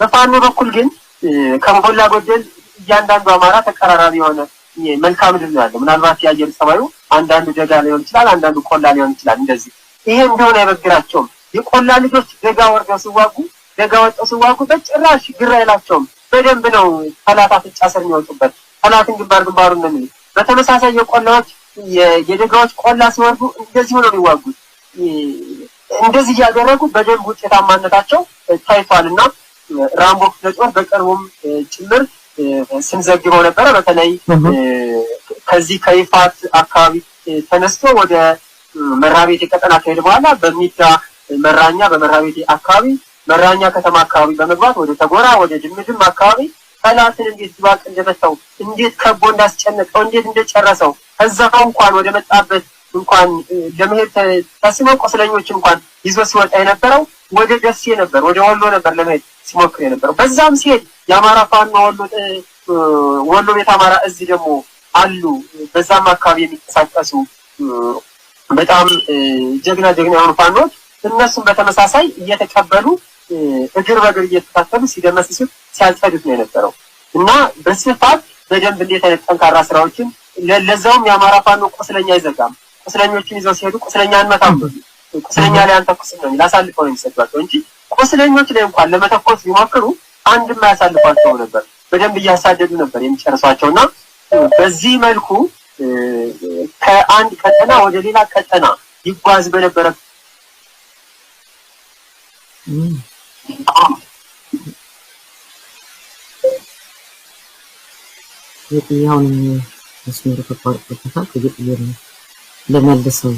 በፋኖ በኩል ግን ከሞላ ጎደል እያንዳንዱ አማራ ተቀራራቢ የሆነ መልክዓ ምድር ነው ያለው። ምናልባት የአየር ጸባዩ አንዳንዱ ደጋ ሊሆን ይችላል፣ አንዳንዱ ቆላ ሊሆን ይችላል። እንደዚህ ይሄ እንደሆነ አይበግራቸውም። የቆላ ልጆች ደጋ ወርደው ሲዋጉ፣ ደጋ ወጥተው ሲዋጉ በጭራሽ ግራ አይላቸውም። በደንብ ነው ጠላት አፍንጫ ስር የሚወጡበት። ጠላትን ግንባር ግንባሩ ነው የሚሉት። በተመሳሳይ የቆላዎች የደጋዎች ቆላ ሲወርዱ እንደዚህ ነው የሚዋጉት። እንደዚህ እያደረጉ በደንብ ውጤታማነታቸው ታይቷል እና ራምቦ ክፍለ ጦር ጭምር ስንዘግበው ነበረ። በተለይ ከዚህ ከይፋት አካባቢ ተነስቶ ወደ መራቤቴ ቀጠና ከሄድ በኋላ በሚዳ መራኛ፣ በመራቤቴ አካባቢ መራኛ ከተማ አካባቢ በመግባት ወደ ተጎራ፣ ወደ ድምድም አካባቢ ጠላትን እንዴት ድባቅ እንደመታው እንዴት ከቦ እንዳስጨነቀው እንዴት እንደጨረሰው ከዛው እንኳን ወደ መጣበት እንኳን ለመሄድ ተስኖ ቁስለኞች እንኳን ይዞ ሲወጣ የነበረው ወደ ደሴ ነበር፣ ወደ ወሎ ነበር ለመሄድ ሲሞክር የነበረው። በዛም ሲሄድ የአማራ ፋኖ ወሎ ወሎ ቤት አማራ እዝ ደግሞ አሉ። በዛም አካባቢ የሚንቀሳቀሱ በጣም ጀግና ጀግና የሆኑ ፋኖች እነሱም በተመሳሳይ እየተቀበሉ እግር በእግር እየተከታተሉ ሲደመስሱ ሲያጸዱት ነው የነበረው እና በስፋት በደንብ እንዴት አይነት ጠንካራ ስራዎችን ለዛውም የአማራ ፋኖ ቁስለኛ አይዘጋም። ቁስለኞችን ይዘው ሲሄዱ ቁስለኛ አንመታም ቁስለኛ ላይ አልተኩስም ነው ላሳልፈው ነው የሚሰጧቸው እንጂ ቁስለኞች ላይ እንኳን ለመተኮስ ቢሞክሩ አንድም አያሳልፏቸው ነበር። በደንብ እያሳደዱ ነበር የሚጨርሷቸው እና በዚህ መልኩ ከአንድ ቀጠና ወደ ሌላ ቀጠና ይጓዝ በነበረ የጥያውን መስመር ተቋርጦበታል። ወደ ጥያቄ ለመልሰው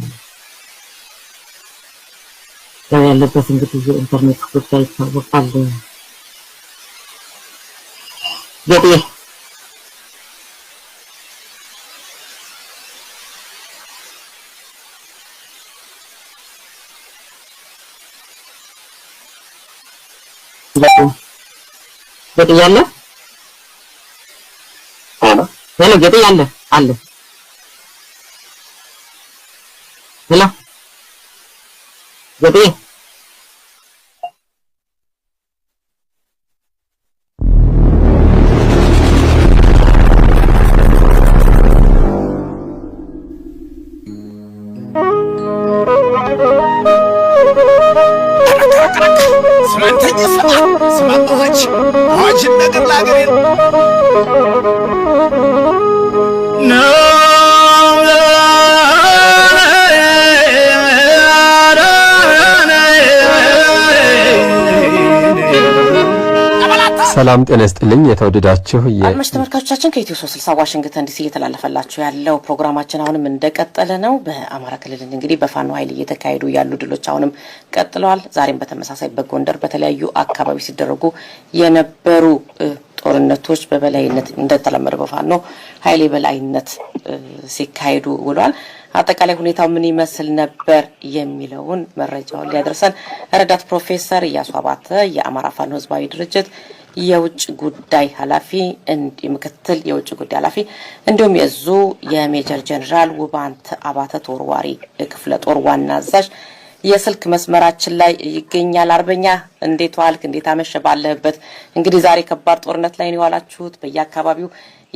Kaya labasin ko internet ko kahit sa wakal. Gabi! Gabi yan na? Ano? Hello, gabi yan na. Hello. Hello. Jadi ስማንተኛ ስማ ስማ አዋጅ አዋጅ ነገር ላገሬ ሰላም ጤና ይስጥልኝ። የተወደዳችሁ አድማጭ ተመልካቾቻችን ከኢትዮ ሶስት ስልሳ ዋሽንግተን ዲሲ እየተላለፈላችሁ ያለው ፕሮግራማችን አሁንም እንደቀጠለ ነው። በአማራ ክልል እንግዲህ በፋኖ ኃይል እየተካሄዱ ያሉ ድሎች አሁንም ቀጥለዋል። ዛሬም በተመሳሳይ በጎንደር በተለያዩ አካባቢ ሲደረጉ የነበሩ ጦርነቶች በበላይነት እንደተለመደ በፋኖ ኃይል የበላይነት ሲካሄዱ ውሏል። አጠቃላይ ሁኔታው ምን ይመስል ነበር የሚለውን መረጃውን ሊያደርሰን ረዳት ፕሮፌሰር እያሱ አባተ የአማራ ፋኖ ህዝባዊ ድርጅት የውጭ ጉዳይ ኃላፊ ምክትል የውጭ ጉዳይ ኃላፊ እንዲሁም የዙ የሜጀር ጀኔራል ውባንት አባተ ተወርዋሪ ክፍለ ጦር ዋና አዛዥ የስልክ መስመራችን ላይ ይገኛል። አርበኛ እንዴት ዋልክ? እንዴት አመሸ? ባለህበት እንግዲህ ዛሬ ከባድ ጦርነት ላይ ነው የዋላችሁት። በየአካባቢው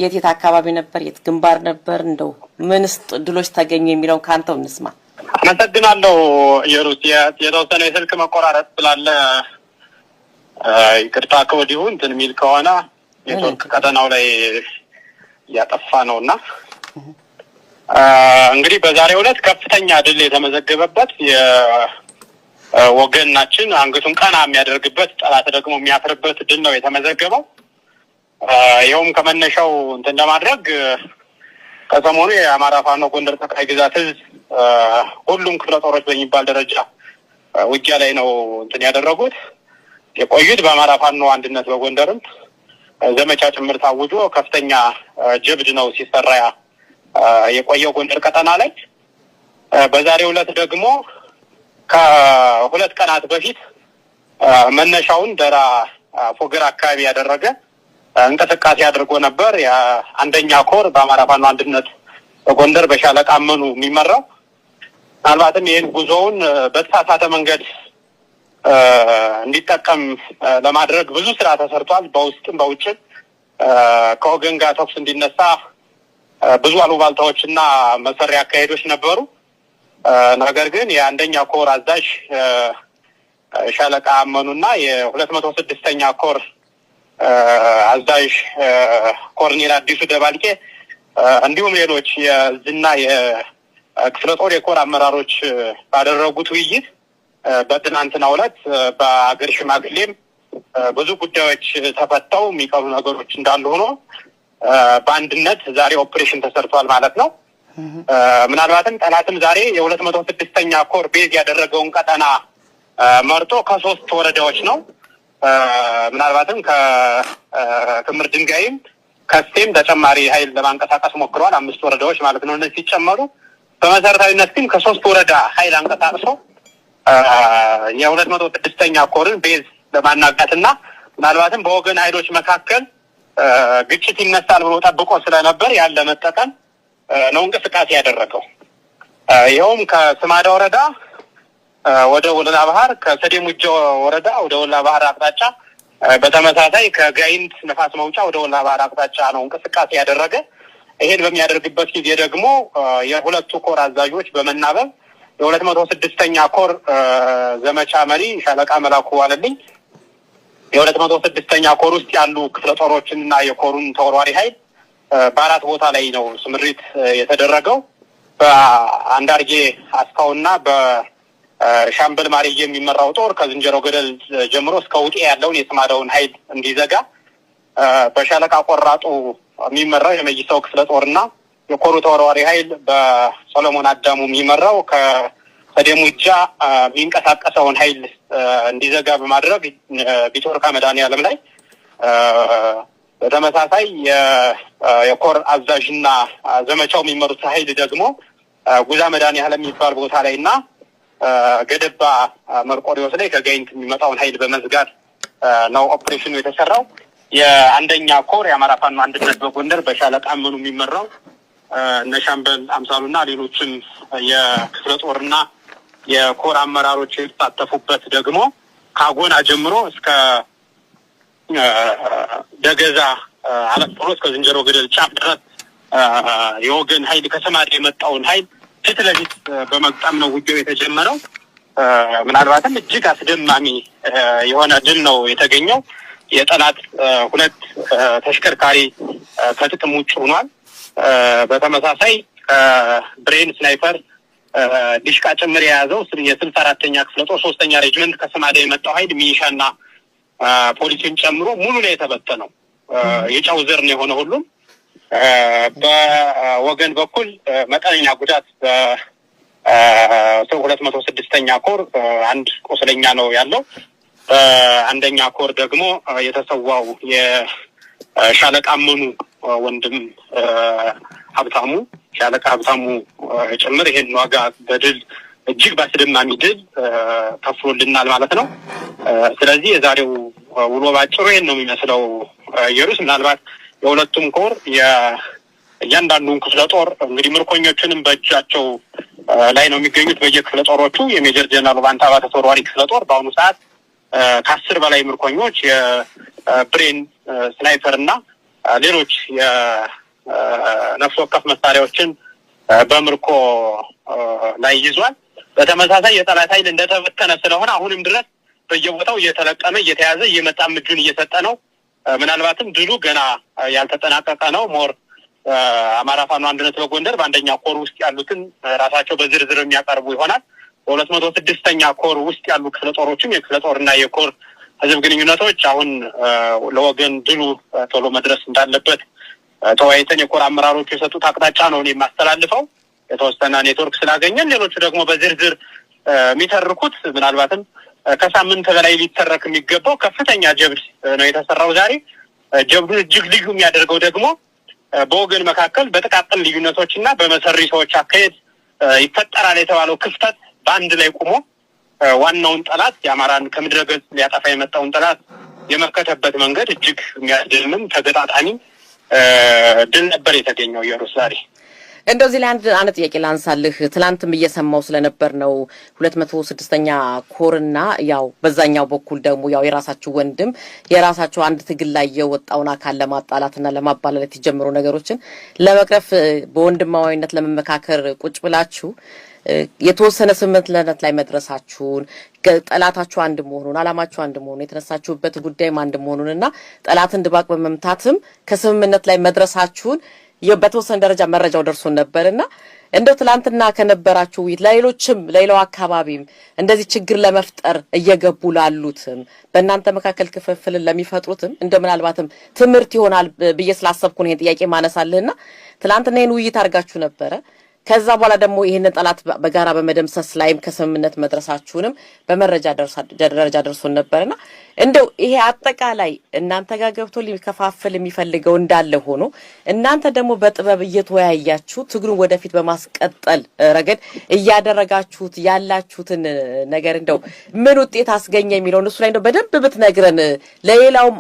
የት የት አካባቢ ነበር? የት ግንባር ነበር? እንደው ምንስ ድሎች ተገኙ የሚለው ከአንተው እንስማ። አመሰግናለሁ። የሩት የተወሰነ የስልክ መቆራረጥ ስላለ ይቅርታ ከወዲሁ እንትን የሚል ከሆነ ኔትወርክ ቀጠናው ላይ እያጠፋ ነው እና እንግዲህ በዛሬ ዕለት ከፍተኛ ድል የተመዘገበበት የወገናችን አንገቱን ቀና የሚያደርግበት ጠላት ደግሞ የሚያፍርበት ድል ነው የተመዘገበው። ይኸውም ከመነሻው እንትን ለማድረግ ከሰሞኑ የአማራ ፋኖ ጎንደር ጠቅላይ ግዛት ሁሉም ክፍለ ጦሮች በሚባል ደረጃ ውጊያ ላይ ነው እንትን ያደረጉት። የቆዩት በአማራ ፋኖ አንድነት በጎንደርም ዘመቻ ጭምር ታውጆ ከፍተኛ ጀብድ ነው ሲሰራ የቆየው ጎንደር ቀጠና ላይ። በዛሬው ዕለት ደግሞ ከሁለት ቀናት በፊት መነሻውን ደራ ፎገር አካባቢ ያደረገ እንቅስቃሴ አድርጎ ነበር። የአንደኛ ኮር በአማራ ፋኖ አንድነት በጎንደር በሻለቃ አመኑ የሚመራው ምናልባትም ይህን ጉዞውን በተሳሳተ መንገድ እንዲጠቀም ለማድረግ ብዙ ስራ ተሰርቷል። በውስጥም በውጭም ከወገን ጋር ተኩስ እንዲነሳ ብዙ አሉባልታዎች እና መሰሪያ አካሄዶች ነበሩ። ነገር ግን የአንደኛ ኮር አዛዥ ሻለቃ አመኑና የሁለት መቶ ስድስተኛ ኮር አዛዥ ኮርኔል አዲሱ ደባልቄ እንዲሁም ሌሎች የዝና የክፍለ ጦር የኮር አመራሮች ባደረጉት ውይይት በትናንትናው ዕለት በአገር ሽማግሌም ብዙ ጉዳዮች ተፈተው የሚቀሩ ነገሮች እንዳሉ ሆኖ በአንድነት ዛሬ ኦፕሬሽን ተሰርቷል ማለት ነው። ምናልባትም ጠላትም ዛሬ የሁለት መቶ ስድስተኛ ኮር ቤዝ ያደረገውን ቀጠና መርጦ ከሶስት ወረዳዎች ነው ምናልባትም ከክምር ድንጋይም ከስቴም ተጨማሪ ኃይል ለማንቀሳቀስ ሞክረዋል። አምስት ወረዳዎች ማለት ነው እነዚህ ሲጨመሩ በመሰረታዊነት ግን ከሶስት ወረዳ ኃይል አንቀሳቅሶ የሁለት መቶ ስድስተኛ ኮርን ቤዝ ለማናጋትና ምናልባትም በወገን ኃይሎች መካከል ግጭት ይነሳል ብሎ ጠብቆ ስለነበር ያን ለመጠቀም ነው እንቅስቃሴ ያደረገው። ይኸውም ከስማዳ ወረዳ ወደ ወለላ ባህር፣ ከሰዴሙጆ ወረዳ ወደ ወለላ ባህር አቅጣጫ፣ በተመሳሳይ ከጋይንት ነፋስ መውጫ ወደ ወለላ ባህር አቅጣጫ ነው እንቅስቃሴ ያደረገ። ይሄን በሚያደርግበት ጊዜ ደግሞ የሁለቱ ኮር አዛዦች በመናበብ የሁለት መቶ ስድስተኛ ኮር ዘመቻ መሪ ሻለቃ መላኩ አለልኝ የሁለት መቶ ስድስተኛ ኮር ውስጥ ያሉ ክፍለ ጦሮችን እና የኮሩን ተወርዋሪ ኃይል በአራት ቦታ ላይ ነው ስምሪት የተደረገው። በአንዳርጌ አስፋውና በሻምበል ማሬ የሚመራው ጦር ከዝንጀሮ ገደል ጀምሮ እስከ ውጤ ያለውን የስማዳውን ኃይል እንዲዘጋ በሻለቃ ቆራጡ የሚመራው የመይሰው ክፍለ ጦር ጦርና የኮሩ ተወርዋሪ ኃይል በሰሎሞን አዳሙ የሚመራው ከደሙጃ የሚንቀሳቀሰውን ኃይል እንዲዘጋ በማድረግ ቢሾርካ መድኃኔዓለም ላይ በተመሳሳይ የኮር አዛዥና ዘመቻው የሚመሩት ኃይል ደግሞ ጉዛ ያህል የሚባል ቦታ ላይ እና ገደባ መርቆሪዎስ ላይ ከጋይንት የሚመጣውን ኃይል በመዝጋት ነው ኦፕሬሽኑ የተሰራው። የአንደኛ ኮር የአማራ ፋኖ አንድነት በጎንደር በሻለቃ ምኑ የሚመራው እነ ሻምበል አምሳሉ እና ሌሎችን የክፍለ ጦርና የኮር አመራሮች የተሳተፉበት ደግሞ ካጎና ጀምሮ እስከ ደገዛ አለት ብሎ እስከ ዝንጀሮ ገደል ጫፍ ድረስ የወገን ኃይል ከሰማሪ የመጣውን ኃይል ፊት ለፊት በመግጣም ነው ውጊያው የተጀመረው። ምናልባትም እጅግ አስደማሚ የሆነ ድል ነው የተገኘው። የጠላት ሁለት ተሽከርካሪ ከጥቅም ውጭ ሆኗል። በተመሳሳይ ብሬን ስናይፐር ዲሽቃ ጭምር የያዘው የስልሳ አራተኛ ክፍለ ጦር ሶስተኛ ሬጅመንት ከሰማዳ የመጣው ሀይል ሚኒሻና ፖሊሲን ጨምሮ ሙሉ ነው የተበተነው። የጨው ዘር ነው የሆነ ሁሉም በወገን በኩል መጠነኛ ጉዳት ሰው ሁለት መቶ ስድስተኛ ኮር አንድ ቁስለኛ ነው ያለው። በአንደኛ ኮር ደግሞ የተሰዋው የሻለቃ መኑ ወንድም ሀብታሙ ሻለቃ ሀብታሙ ጭምር ይሄን ዋጋ በድል እጅግ በአስደማሚ ድል ከፍሎልናል ማለት ነው። ስለዚህ የዛሬው ውሎ ባጭሩ ይሄን ነው የሚመስለው። ኢየሩስ ምናልባት የሁለቱም ኮር እያንዳንዱን ክፍለ ጦር እንግዲህ ምርኮኞችንም በእጃቸው ላይ ነው የሚገኙት። በየክፍለ ጦሮቹ የሜጀር ጀነራል ባንታ ባተ ተወርዋሪ ክፍለ ጦር በአሁኑ ሰዓት ከአስር በላይ ምርኮኞች የብሬን ስናይፐር እና ሌሎች የነፍስ ወከፍ መሳሪያዎችን በምርኮ ላይ ይዟል። በተመሳሳይ የጠላት ኃይል እንደተበተነ ስለሆነ አሁንም ድረስ በየቦታው እየተለቀመ እየተያዘ እየመጣም እጁን እየሰጠ ነው። ምናልባትም ድሉ ገና ያልተጠናቀቀ ነው። ሞር አማራ ፋኖ አንድነት በጎንደር በአንደኛ ኮር ውስጥ ያሉትን ራሳቸው በዝርዝር የሚያቀርቡ ይሆናል። በሁለት መቶ ስድስተኛ ኮር ውስጥ ያሉ ክፍለ ጦሮችም የክፍለ ጦርና የኮር ህዝብ ግንኙነቶች አሁን ለወገን ድሉ ቶሎ መድረስ እንዳለበት ተወያይተን የኮር አመራሮቹ የሰጡት አቅጣጫ ነው እኔ የማስተላልፈው። የተወሰነ ኔትወርክ ስላገኘን ሌሎቹ ደግሞ በዝርዝር የሚተርኩት ምናልባትም ከሳምንት በላይ ሊተረክ የሚገባው ከፍተኛ ጀብድ ነው የተሰራው ዛሬ። ጀብዱ እጅግ ልዩ የሚያደርገው ደግሞ በወገን መካከል በጥቃቅን ልዩነቶች እና በመሰሪ ሰዎች አካሄድ ይፈጠራል የተባለው ክፍተት በአንድ ላይ ቁሞ ዋናውን ጠላት የአማራን ከምድረ ገጽ ሊያጠፋ የመጣውን ጠላት የመከተበት መንገድ እጅግ የሚያስደልምም ተገጣጣሚ ድል ነበር የተገኘው የሩስ ዛሬ። እንደዚህ ላይ አንድ አንድ ጥያቄ ላንሳልህ። ትናንትም እየሰማው ስለነበር ነው ሁለት መቶ ስድስተኛ ኮርና ያው በዛኛው በኩል ደግሞ ያው የራሳችሁ ወንድም የራሳችሁ አንድ ትግል ላይ የወጣውን አካል ለማጣላትና ለማባላለት የጀምሩ ነገሮችን ለመቅረፍ በወንድማዊነት ለመመካከር ቁጭ ብላችሁ የተወሰነ ስምምነት ላይ መድረሳችሁን ጠላታችሁ አንድ መሆኑን አላማችሁ አንድ መሆኑን የተነሳችሁበት ጉዳይም አንድ መሆኑን እና ጠላትን ድባቅ በመምታትም ከስምምነት ላይ መድረሳችሁን በተወሰነ ደረጃ መረጃው ደርሶን ነበር እና እንደው ትላንትና ከነበራችሁ ውይይት ለሌሎችም ለሌላው አካባቢም እንደዚህ ችግር ለመፍጠር እየገቡ ላሉትም በእናንተ መካከል ክፍፍልን ለሚፈጥሩትም እንደ ምናልባትም ትምህርት ይሆናል ብዬ ስላሰብኩን ይሄን ጥያቄ ማነሳልህና ትላንትና ይህን ውይይት አድርጋችሁ ነበረ። ከዛ በኋላ ደግሞ ይህንን ጠላት በጋራ በመደምሰስ ላይም ከስምምነት መድረሳችሁንም በመረጃ ደረጃ ደርሶን ነበርና እንደው ይሄ አጠቃላይ እናንተ ጋር ገብቶ ሊከፋፍል የሚፈልገው እንዳለ ሆኖ እናንተ ደግሞ በጥበብ እየተወያያችሁ ትግሉን ወደፊት በማስቀጠል ረገድ እያደረጋችሁት ያላችሁትን ነገር እንደው ምን ውጤት አስገኘ የሚለውን እሱ ላይ እንደው በደንብ ብትነግረን ለሌላውም